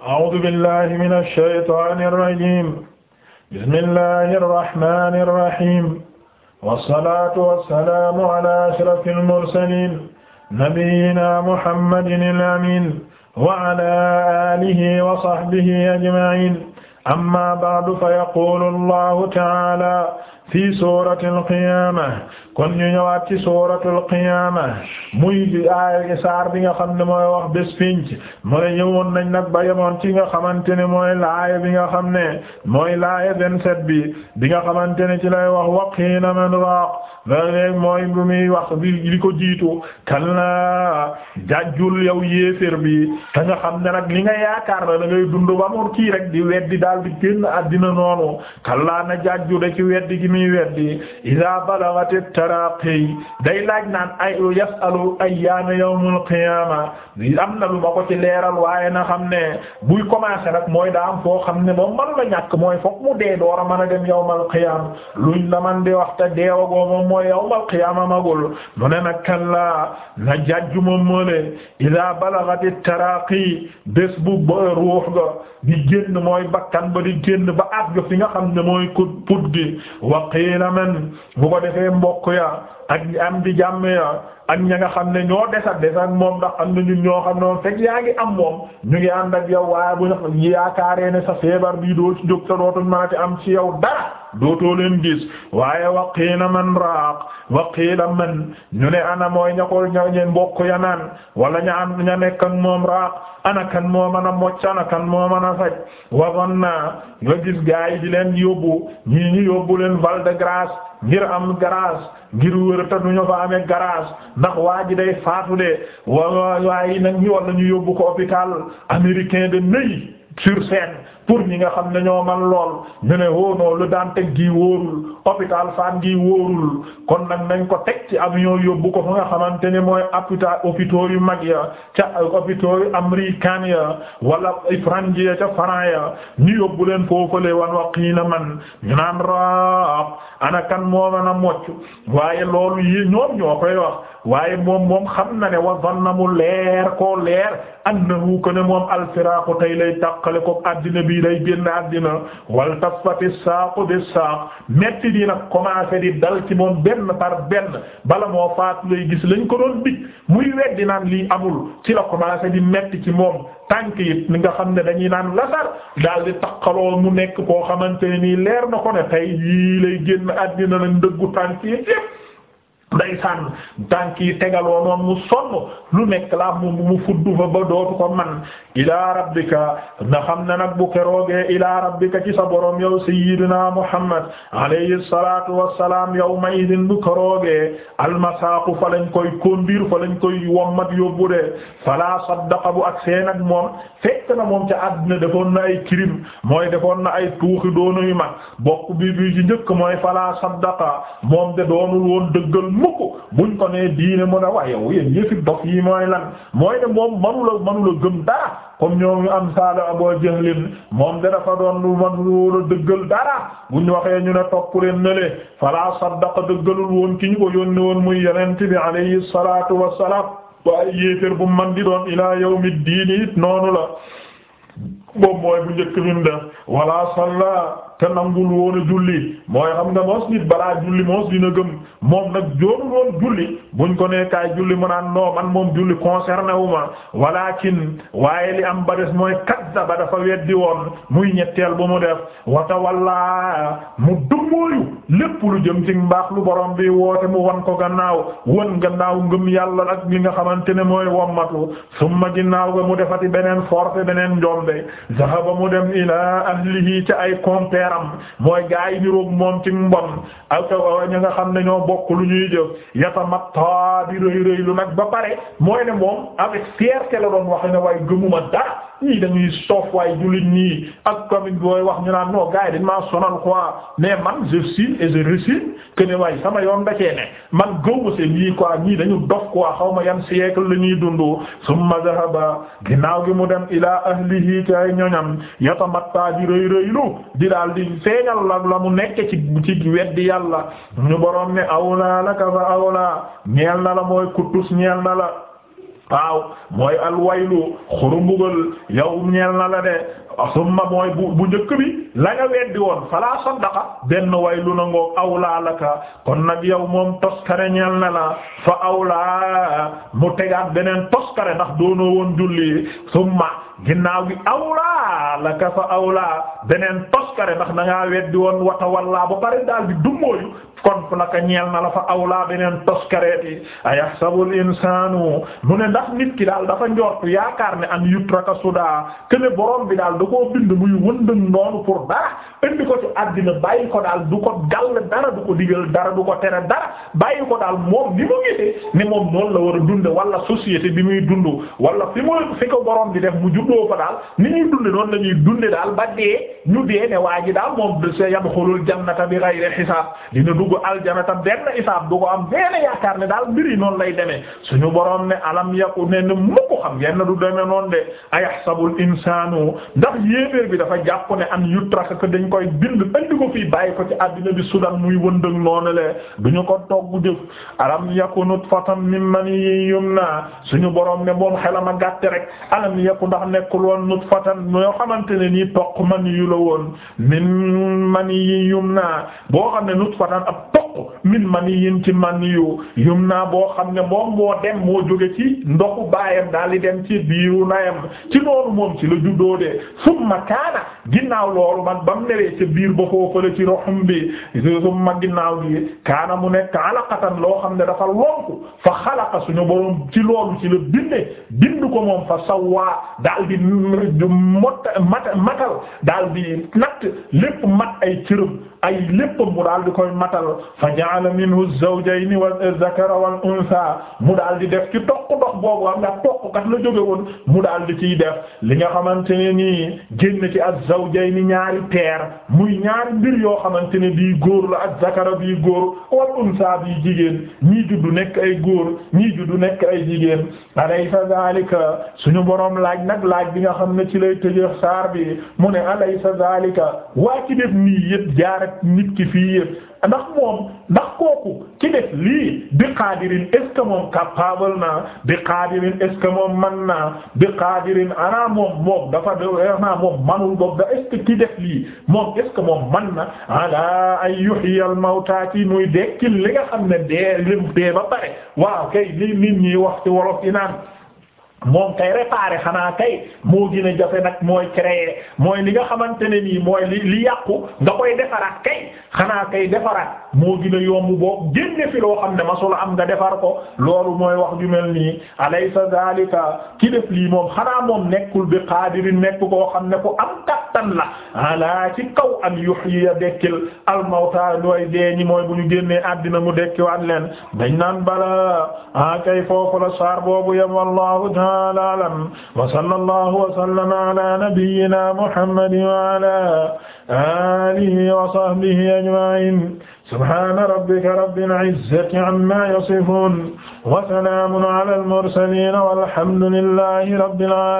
a'uuzu billaahi mina shaytaani rajiim bismillaahi rahmaani rahiim wassalaatu wassalaamu alaa ashrafil mursaliin nabiyyinaa muhammadinil amiin wa alaa aalihi wa sahbihi ajma'iin ammaa ba'du fa yaquulu llaahu ta'aalaa fi suratul qiyaama kon ñu ñëwaat ci suratul qiyaama muy bi aaya saar bi nga xam ne mooy wax bés pinc mu ne ñëwoon nañ nag ba yemoon ci nga xamante ne mooy laaya bi nga xam ne mooy laaya vingt set bi bi nga xamante ne ci lay wax waqiina man raaq léeg mooy bu muy wax bi li ko jiitu kallaa jàjjul yow yéefér bi da xam ne nag li nga yaakaar la da dund ba mu kii rek di weddi daal di génn àddina noonu kallaa na jàjju de ci weddi gi muy weddi idaa balagati taraqi day laaj naan ay yasalu ayyaana yawmul qiyaama am na lu ma ko ci leeral waaye na xam ne buy commencé nag mooy daa am foo xam ne moom man la ñàkk mooy fokk mu dee door a mën a dem yawmal qiyaama luñ la man di wax te deewagoo moom mooy yawmal qiyaama magul mu ne nag kallaa na jajju moom moo leen idaa balagati taraqi bés bu ruux ga di génn mooy bakkan ba di génn ba àgg fi nga xam ne mooy put gi wa wa qiila man bu ko defee mbokk ya ak am di jàmm ya ak ña nga xam ne ñoo desa desa ak moom ndax am na ñun ñoo xam ne moom fekk yaa ngi am moom ñu ngi ànd ak yow waaye bu ñu yaakaaree ne sa feebar bii doo ci jóg sa dootul mën a am ci yow dara dootoo leen gis waaye waqiila man raaq waqiila man ñu ne ana mooy ña ko ña ñeen bokk ya naan wala ña am ña moom raaq ana kan moo mën a mocc ana kan moo mën a faj waxoon naa nga gis gaa yi di leen yóbbu ñii ñu yóbbu leen Val de Grâce ngir am grâce ngir wër ta duñu fa amee grâce ndax waa ji day faatu de wa waaye nag ñu walla ñu yóbbu ko hôpital américain de neuilly sur pour ñi nga xam ne ñoo man lool ñu ne wóonoo oh lu daan teg gi wóorul hôpital fan gi wóorul kon nag nañ ko teg ci avion yóbbu ko fa nga xamante ne mooy hôpital hôpitaux yu mag ya ca hôpitaux yu américain ya wala france ya ca France ya ñu yóbbu leen foofale wan waqiila man ñu naan raab ana kan moo mën a mocc waaye loolu yi ñoom ñoo koy wax waaye moom moom xam na ne wa zanna mu leer koo leer annahu ko ne moom alfiraqu tey lay tàqale ko addina kii day génn àddina wal tafati saaqu bi saaq metti di nag commencé di dal ci moom benn par benn bala moo faatu lay gis lañ ko doon dig muy weddi naan lii amul ci la commencé di metti ci moom tànk yi ni nga xam ne dañuy naan lasar daal di taqaloo mu nekk koo xamante ne nii leer na ko ne tey yii lay génn àddina nañ dëggu tànk yi yépp ndeysaan tànk yi tegaloo noonu mu sonn lu nekk laa mu mu fuddu fa ba dootu ko man ilaa rabbika na xam ne nag bu keroogee ilaa rabbika ci borom yow sayyidina muhammad alayhi salatu wassalam yawma idin bu keroogee almasaaku fa lañ koy kondir fa lañ koy wommat yóbbu de fala saddaqa bu ak see nag moom fekk moom ca àddina defoon na ay crime mooy defoon na ay tuuxi doonu yu mag bokk bi njëkk mooy fala saddaqa moom de doonul woon dëggal mukk buñ ko nee diine mu ne wax yow yéen yëfi dof yi mooy lan mooy ne moom manula manula gëm dara comme ñoom ñu am saala Abu Jahlin moom de dafa doon lu manula dëggal dara buñ waxee ñu ne topp leen ne le fala saddaqa dëggalul woon ki ñu ko yónni woon muy yonent bi alayhi salaatu wassalaam waaye yéeféer bu man di doon ilaa yawmi diini it noonu la boobu mooy bu njëkk bi mu def wala te nangul woon a julli mooy xam nga mos nit balaa julli mos dina gëm moom nag joonul woon julli buñ ko nee kaay julli mu naan non man moom julli concerné wu ma walakin waaye li am ba des mooy kazzaba dafa weddi woon muy ñetteel bu mu def watawalla mu dummóoyu lépp lu jëm ci mbaax lu borom bi woote mu wan ko gannaaw wan gannaaw ngëm yàlla ak li nga xamante ne mooy wommatu summa ginnaaw ga mu defati beneen force beneen njombe zahaba mu dem ila ahlihi ca ay compère meram mooy gaa yi niroog moom ci mbon ak ñu nga xam ne ñoo bokk lu ñuy jëf yatamatta di rëy rëy lu nag ba pare mooy ne moom avec fierté la doon wax ne waaye gëmuma dara ii dañuy soof waaye jullit ñii ak comme booy wax ñu naan non gars yi dañ maa sonal quoi mais man je signe et je resigne que ne waaye sama yoon da cee ne man gëwma seen yii quoi ñii dañu dof quoi xaw ma yan siècle la ñuy dund summa zahaba ginnaaw gi mu dem ila ahlihi ci ay ñoñam yatamatta di rëy rëylu di daal di feeñal la la mu nekk ci ci weddi yàlla ñu borom ne awla laka fa awla ñeel na la mooy kutus ñeel na la waaw mooy alwaylu xurumbugal yow ñeel na la de summa mooy bu bu njëkk bi la nga weddi woon fala saddaqa benn waylu na ngoog awlaa kon nag yow moom toskare ñeel na la fa awlaa mu tegaat beneen toskare ndax doonoo woon julli summa ginnaaw gi awlaa laka fa awlaa beneen toskare ndax da ngaa weddi woon wata wallaa ba pare daal di dummóoyu kon fu naka ñeel na la fa awlaa beneen toskareeti ayahsabul insaanu mu ne ndax nit ki daal dafa njortu yaakaar ne an yutraka sudaa këne borom bi daal da koo bind muy wëndën noonu pour dara indi ko ci àddina bàyyi ko daal du ko gàll dara du ko digal dara du ko tere dara bàyyi ko daal moom ni mu gisee ne moom noonu la war a dund wala société bi muy dund wala fi mu fi ko borom bi def mu juddoo fa daal ni ñuy dunde noonu la dunde daal ba dee ñu dee ne waa ji daal dugg aljana ta benn isaab du ko am benn yaakaar ne daal mbiri noonu lay demee suñu boroom ne alam yaqu ne ne mukk xam yenn du demee noonu de ayahsabul insaanu ndax yéeféer bi dafa jàpp ne an yutraka ko dañ koy bind andi ko fii bàyyi ko ci àddina bi sudan muy wëndëg noonu le duñu ko togg jëf alam yaqu nutfatan min maniyyin yumna suñu boroom ne moom a gàtte rek alam yaqu ndax nekkul woon nutfatan moo xamante ne nii toq man yu la woon min maniyyin yumna boo xam min mani yin ci mani yu yum naa boo xam ne moom moo dem moo jóge ci ndoxu baayam daal di dem ci biiru nayam ci noonu moom ci la juddoo de summa kaana ginnaaw lool man ba mu ca biir ba foofale ci roxum bi summa ginnaaw gi kaana mu nekk alaqatan loo xam ne dafa lonku fa xalaqa suñu boroom ci loolu ci la binde bind ko moom fa sawwaa daal di matal daal di natt lépp mat ay cërëm ay léppam mu daal di koy matal fa ja'ala minhu az-zawjayni waz-zakara wal mu daal di def ci toq dox boobu xam nga toq kat la jóge woon ciy def li nga xamante ne nii génn ci az-zawjayni ñaari paire muy ñaari mbir yoo xamante ne bii góor la az-zakara bii góor wal-unsa bii jigéen ñii juddu nekk ay góor ñii juddu nekk ay jigéen alaysa zalika suñu boroom laaj nag laaj bi nga xam ne ci lay tëjeex saar bi mu ne alaysa zalika waa ci def nii yépp jaar nit ki fii ndax moom ndax kooku ki def lii bi qaadirin est-ce moom capable naa bi qaadirin est-ce moom man naa bi qaadirin ana moom moom dafa ana moom manul boobu da est-ce ki def lii moom est-ce moom man na ala ay yuhyi al mawta muy dekkil li nga xam ne dee lim dee ba pare waaw kay li nit wax ci wolof yi naan moom kay réparer xanaa kay moo gën a jafe nag mooy créer mooy li nga xamante ne nii mooy li li yàqu nga koy defaraat kay xanaa kay defaraat moo gën yomb boo génne fi loo xam ne masula am nga defar ko loolu mooy wax ju mel nii alaysa zalika ki def lii moom xanaa moom nekkul bi qaadirin nekk koo xam ne ku am kattan la ala ci kaw an yuhyiya dekkil almawta ñooy dee ñi mooy bu ñu génnee àddina mu dekkiwaat leen dañ naan bala a kay foofu la saar boobu yam wallahu ta'ala alam wa sallallahu wa sallama ala nabiyyina muhammadin wa ala alihi wa sahbihi ajma'in subhana rabbika rabbil izzati amma yasifun wa salamun ala al mursalin walhamdulillahi rabbil alamin